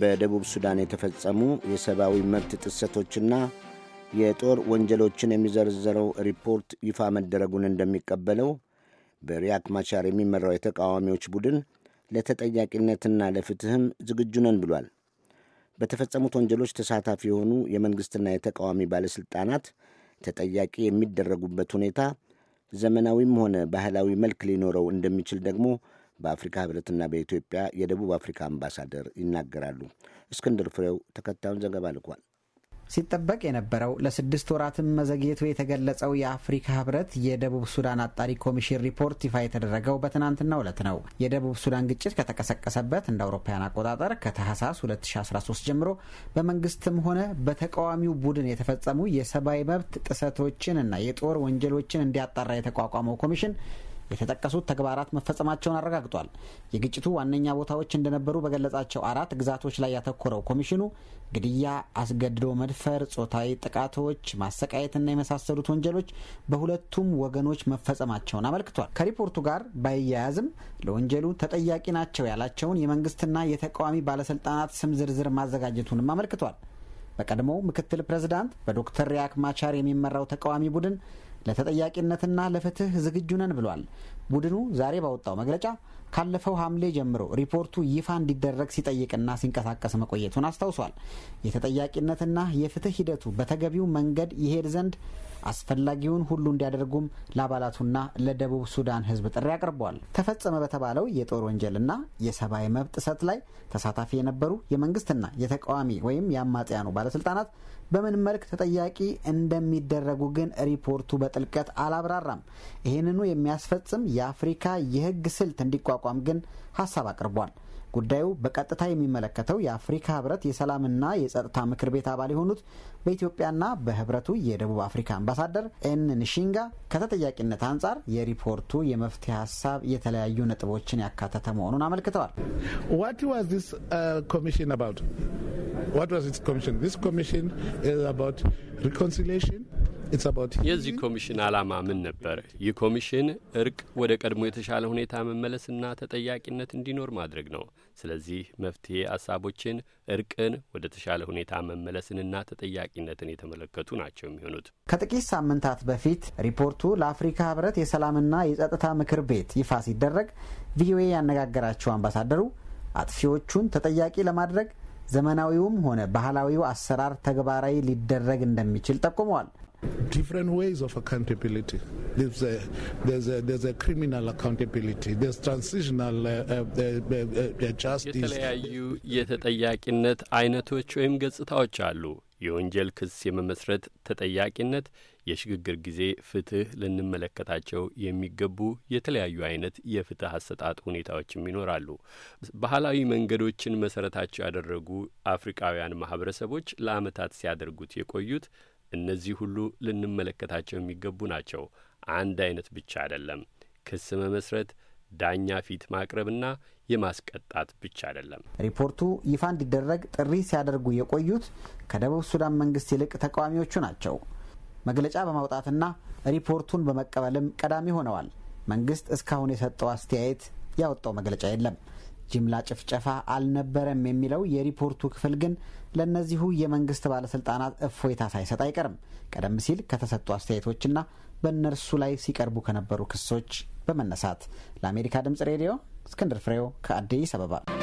በደቡብ ሱዳን የተፈጸሙ የሰብአዊ መብት ጥሰቶችና የጦር ወንጀሎችን የሚዘረዘረው ሪፖርት ይፋ መደረጉን እንደሚቀበለው በሪያክ ማቻር የሚመራው የተቃዋሚዎች ቡድን ለተጠያቂነትና ለፍትህም ዝግጁ ነን ብሏል። በተፈጸሙት ወንጀሎች ተሳታፊ የሆኑ የመንግሥትና የተቃዋሚ ባለሥልጣናት ተጠያቂ የሚደረጉበት ሁኔታ ዘመናዊም ሆነ ባህላዊ መልክ ሊኖረው እንደሚችል ደግሞ በአፍሪካ ህብረትና በኢትዮጵያ የደቡብ አፍሪካ አምባሳደር ይናገራሉ። እስክንድር ፍሬው ተከታዩን ዘገባ ልኳል። ሲጠበቅ የነበረው ለስድስት ወራትም መዘግየቱ የተገለጸው የአፍሪካ ህብረት የደቡብ ሱዳን አጣሪ ኮሚሽን ሪፖርት ይፋ የተደረገው በትናንትናው ዕለት ነው። የደቡብ ሱዳን ግጭት ከተቀሰቀሰበት እንደ አውሮፓውያን አቆጣጠር ከታህሳስ 2013 ጀምሮ በመንግስትም ሆነ በተቃዋሚው ቡድን የተፈጸሙ የሰብአዊ መብት ጥሰቶችን እና የጦር ወንጀሎችን እንዲያጣራ የተቋቋመው ኮሚሽን የተጠቀሱት ተግባራት መፈጸማቸውን አረጋግጧል። የግጭቱ ዋነኛ ቦታዎች እንደነበሩ በገለጻቸው አራት ግዛቶች ላይ ያተኮረው ኮሚሽኑ ግድያ፣ አስገድዶ መድፈር፣ ጾታዊ ጥቃቶች፣ ማሰቃየትና የመሳሰሉት ወንጀሎች በሁለቱም ወገኖች መፈጸማቸውን አመልክቷል። ከሪፖርቱ ጋር ባይያያዝም ለወንጀሉ ተጠያቂ ናቸው ያላቸውን የመንግስትና የተቃዋሚ ባለስልጣናት ስም ዝርዝር ማዘጋጀቱንም አመልክቷል። በቀድሞው ምክትል ፕሬዝዳንት በዶክተር ሪያክ ማቻር የሚመራው ተቃዋሚ ቡድን ለተጠያቂነትና ለፍትህ ዝግጁ ነን ብሏል። ቡድኑ ዛሬ ባወጣው መግለጫ ካለፈው ሐምሌ ጀምሮ ሪፖርቱ ይፋ እንዲደረግ ሲጠይቅና ሲንቀሳቀስ መቆየቱን አስታውሷል። የተጠያቂነትና የፍትህ ሂደቱ በተገቢው መንገድ ይሄድ ዘንድ አስፈላጊውን ሁሉ እንዲያደርጉም ለአባላቱና ለደቡብ ሱዳን ሕዝብ ጥሪ አቅርበዋል። ተፈጸመ በተባለው የጦር ወንጀልና የሰብአዊ መብት ጥሰት ላይ ተሳታፊ የነበሩ የመንግስትና የተቃዋሚ ወይም የአማጽያኑ ባለስልጣናት በምን መልክ ተጠያቂ እንደሚደረጉ ግን ሪፖርቱ በጥልቀት አላብራራም። ይህንኑ የሚያስፈጽም የአፍሪካ የህግ ስልት እንዲቋቋም ግን ሀሳብ አቅርቧል። ጉዳዩ በቀጥታ የሚመለከተው የአፍሪካ ህብረት የሰላምና የጸጥታ ምክር ቤት አባል የሆኑት በኢትዮጵያና በህብረቱ የደቡብ አፍሪካ አምባሳደር ኤን ንሺንጋ ከተጠያቂነት አንጻር የሪፖርቱ የመፍትሄ ሀሳብ የተለያዩ ነጥቦችን ያካተተ መሆኑን አመልክተዋል። ኮሚሽን የዚህ ኮሚሽን ዓላማ ምን ነበር? ይህ ኮሚሽን እርቅ ወደ ቀድሞ የተሻለ ሁኔታ መመለስና ተጠያቂነት እንዲኖር ማድረግ ነው። ስለዚህ መፍትሄ ሀሳቦችን እርቅን፣ ወደ ተሻለ ሁኔታ መመለስንና ተጠያቂነትን የተመለከቱ ናቸው የሚሆኑት። ከጥቂት ሳምንታት በፊት ሪፖርቱ ለአፍሪካ ህብረት የሰላምና የጸጥታ ምክር ቤት ይፋ ሲደረግ ቪኦኤ ያነጋገራቸው አምባሳደሩ አጥፊዎቹን ተጠያቂ ለማድረግ ዘመናዊውም ሆነ ባህላዊው አሰራር ተግባራዊ ሊደረግ እንደሚችል ጠቁመዋል። different ways of accountability. There's a, there's a, there's a criminal accountability. There's transitional uh uh, uh, uh, uh, justice. የተለያዩ የተጠያቂነት አይነቶች ወይም ገጽታዎች አሉ። የወንጀል ክስ የመመስረት ተጠያቂነት፣ የሽግግር ጊዜ ፍትህ ልንመለከታቸው የሚገቡ የተለያዩ አይነት የፍትህ አሰጣጥ ሁኔታዎችም ይኖራሉ። ባህላዊ መንገዶችን መሰረታቸው ያደረጉ አፍሪካውያን ማህበረሰቦች ለአመታት ሲያደርጉት የቆዩት እነዚህ ሁሉ ልንመለከታቸው የሚገቡ ናቸው። አንድ አይነት ብቻ አይደለም። ክስ መመስረት ዳኛ ፊት ማቅረብና የማስቀጣት ብቻ አይደለም። ሪፖርቱ ይፋ እንዲደረግ ጥሪ ሲያደርጉ የቆዩት ከደቡብ ሱዳን መንግስት ይልቅ ተቃዋሚዎቹ ናቸው። መግለጫ በማውጣትና ሪፖርቱን በመቀበልም ቀዳሚ ሆነዋል። መንግስት እስካሁን የሰጠው አስተያየት፣ ያወጣው መግለጫ የለም። ጅምላ ጭፍጨፋ አልነበረም የሚለው የሪፖርቱ ክፍል ግን ለእነዚሁ የመንግስት ባለስልጣናት እፎይታ ሳይሰጥ አይቀርም። ቀደም ሲል ከተሰጡ አስተያየቶችና በእነርሱ ላይ ሲቀርቡ ከነበሩ ክሶች በመነሳት ለአሜሪካ ድምጽ ሬዲዮ እስክንድር ፍሬው ከአዲስ አበባ